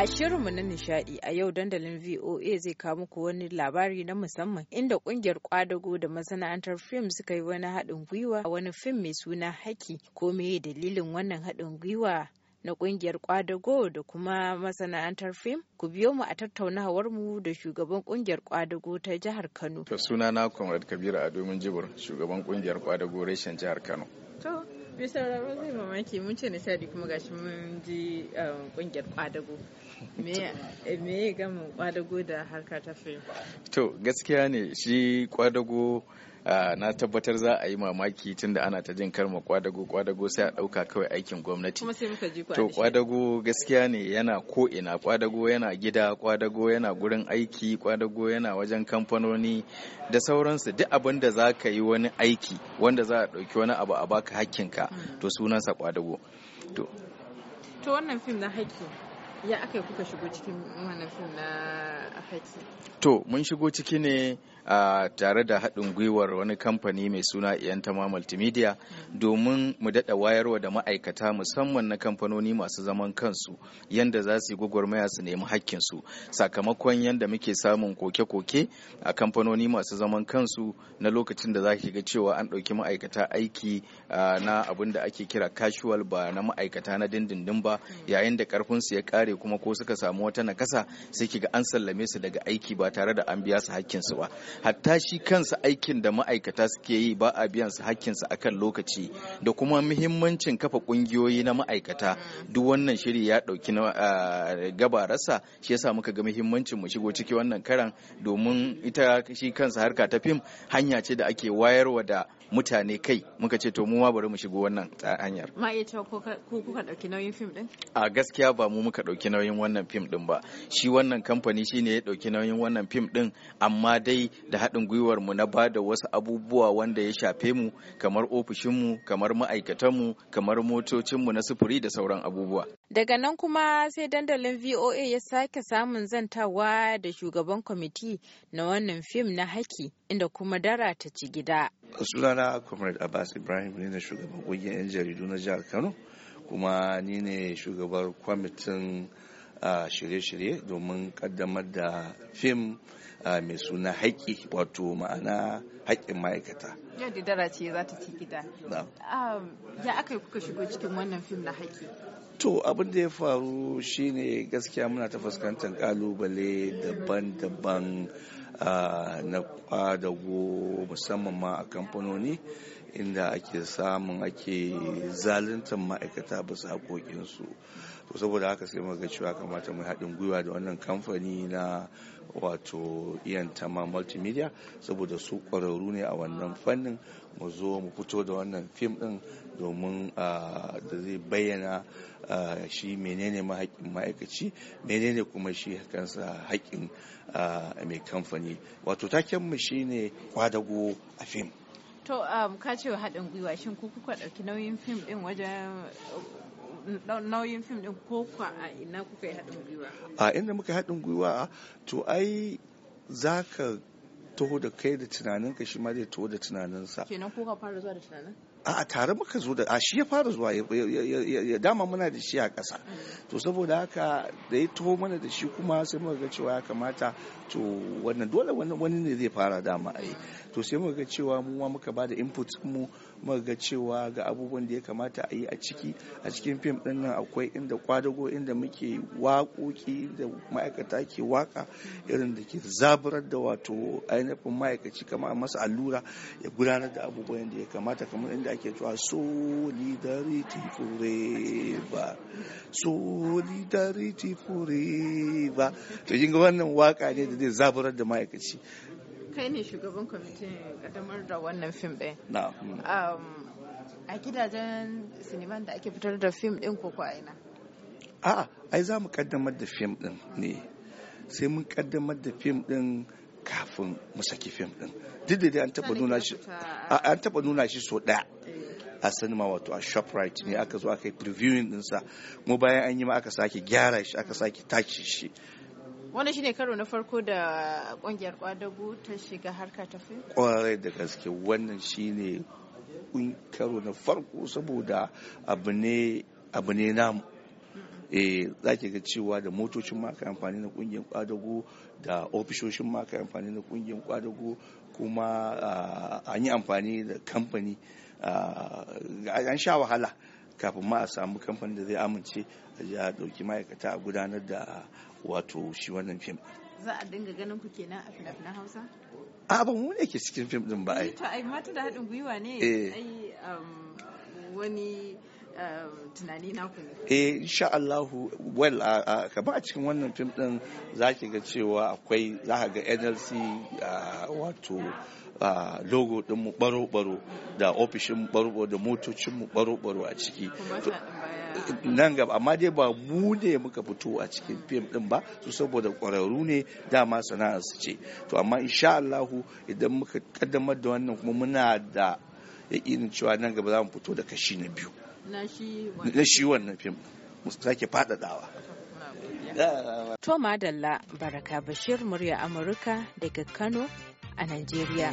A shirinmu na nishadi a yau dandalin VOA zai kawo muku wani labari na musamman inda kungiyar kwadago da masana'antar fim suka yi wani haɗin gwiwa a wani fim mai suna haki ko meye dalilin wannan haɗin gwiwa na kungiyar kwadago da kuma masana'antar fim ku biyo mu a tattaunawar mu da shugaban kungiyar kwadago ta jihar Kano. Sunana Comrade Kabir Ado jibur shugaban kungiyar kwadago reshen jihar Kano. Bai sauraro zai mamaki mun ce nishadi kuma gashi mun ji kungiyar um, kwadago. Me ya gama kwadago da harka ta To gaskiya ne shi kwadago na tabbatar za a yi mamaki tunda ana ta jin karma kwadago kwadago sai a dauka kawai aikin gwamnati to kwadago gaskiya ne yana ko ina kwadago yana gida kwadago yana gurin aiki kwadago yana wajen kamfanoni da sauransu duk abin da za ka yi wani aiki wanda za a dauki wani abu a baka hakkinka to sunansa kwadago to wannan fim na hakki ya aka kuka shigo cikin manufin na haki to mun shigo ciki ne uh, tare da haɗin gwiwar wani kamfani mai suna iyantama multimedia mm. domin mu daɗa wayarwa da ma'aikata musamman na kamfanoni masu zaman kansu yadda za su yi gwagwarmaya su nemi hakkinsu sakamakon yadda muke samun koke-koke a kamfanoni masu zaman kansu na lokacin da za ki ga cewa an ɗauki ma'aikata aiki uh, na abin da ake kira casual ba na ma'aikata na dindindin ba mm. yayin da ƙarfinsu ya ƙare kare kuma ko suka samu wata nakasa sai ga an sallame su daga aiki ba tare da an biya su hakkin su ba hatta shi kansa aikin da ma'aikata suke yi ba a biyan su hakkin su akan lokaci da kuma muhimmancin kafa kungiyoyi na ma'aikata duk wannan shiri ya dauki na gabararsa shi yasa muka ga muhimmancin mu shigo ciki wannan karan domin ita shi kansa harka ta fim hanya ce da ake wayarwa da mutane kai muka ce to mu ma bari mu shigo wannan hanyar ma iya cewa ko kuka dauki nauyin fim din a gaskiya ba mu muka dauki nauyin wannan fim din ba shi wannan kamfani shine ya dauki nauyin wannan fim din amma dai da haɗin gwiwar mu na ba da wasu abubuwa wanda ya shafe mu kamar ofishin mu kamar ma'aikatan mu kamar motocin mu na sufuri da sauran abubuwa daga nan kuma sai dandalin VOA ya sake samun zantawa da shugaban kwamiti na wannan fim na haki inda kuma dara ta ci gida sunana comrade abbas ibrahim ne na shugaban ƙungiyar 'yan jaridu na jihar kano kuma ni ne shugabar kwamitin shirye-shirye domin kaddamar da fim mai suna haƙƙi wato ma'ana haƙƙin ma'aikata yau da dara ce za ta ci gida ya aka yi kuka shigo cikin wannan fim na haƙƙi To abin da ya faru shine gaskiya muna ta fuskantar kalubale daban-daban na kwadago musamman ma a kamfanoni inda ake samun ake zaluntar ma'aikata ba su haƙoƙinsu to saboda haka sai muka cewa kamata mu haɗin gwiwa da wannan kamfani na wato iyan tama multimedia saboda su ƙwararru ne a wannan fannin mu zo mu fito da wannan fim ɗin domin da zai bayyana shi menene mahaƙin ma'aikaci menene kuma shi kansa haƙin mai kamfani wato taken mu shine kwadago a fim To um, ka ce haɗin gwiwa shin ku kuka ɗauki nauyin fim ɗin wajen nauyin fim ɗin ko kuwa a ina kuka yi haɗin gwiwa? A inda muka haɗin gwiwa to ai za ka taho da kai da tunaninka shi ma zai taho da tunaninsa. Kenan ka fara zuwa da tunanin? a tare muka zo da a shi ya fara zuwa ya dama muna da shi a kasa to saboda haka da ya taho mana da shi kuma sai muka ga cewa ya kamata to wannan dole wani ne zai fara dama a yi to sai muka ga cewa mu ma muka ba da input mu muka ga cewa ga abubuwan da ya kamata a yi a ciki a cikin fim din nan akwai inda kwadago inda muke waƙoƙi da ma'aikata ke waka irin da ke zaburar da wato ainihin ma'aikaci kamar masa allura ya gudanar da abubuwan da ya kamata kamar inda ake cewa solidarity forever solidarity forever to yin ga wannan waka ne da zai zaburar da ma'aikaci kai ne shugaban kwamitin kadamar da wannan fim ɗin um, a gidajen siniman da ake fitar da fim ɗin ko ina a'a ai za mu kaddamar da fim ɗin ne sai mun kaddamar da fim ɗin kafin mu saki fim din duk da an taba nuna shi an taba so daya a sinima wato a shoprite ne aka zo aka yi previewing dinsa mu bayan an yi ma aka sake gyara shi aka sake tashi shi wannan shine karo na farko da kungiyar kwadago ta shiga harka ta fim kwarai da gaske wannan shine karo na farko saboda abu ne namu E za ki ga cewa da motocin maka amfani na kungiyar kwadago da ofishoshin maka amfani na kungiyar kwadago kuma ah, an yi amfani da kamfani ah, an sha wahala kafin ma a samu kamfanin da zai amince a dauki ma'aikata a gudanar da wato shi wannan fim za a dinga ganin ku kenan a fina-finan hausa a ba mu ne ke cikin fim din ba ai eh, to ai mata da haɗin gwiwa ne eh. ai um, wani tunani na eh insha Allah well ka ba a cikin wannan fim din zaki ga cewa akwai za ga NLC wato logo din mu baro-baro da ofishin baro-baro da motocin mu baro-baro a ciki nan gaba amma dai ba mu ne muka fito a cikin fim din ba su saboda ƙwararru ne dama sana'ar su ce to amma insha Allah idan muka kaddamar da wannan kuma muna da yakinin cewa nan gaba za mu fito da kashi na biyu na shi wannan fim mu sake faɗaɗawa to madalla baraka bashir murya amurka daga kano a najeriya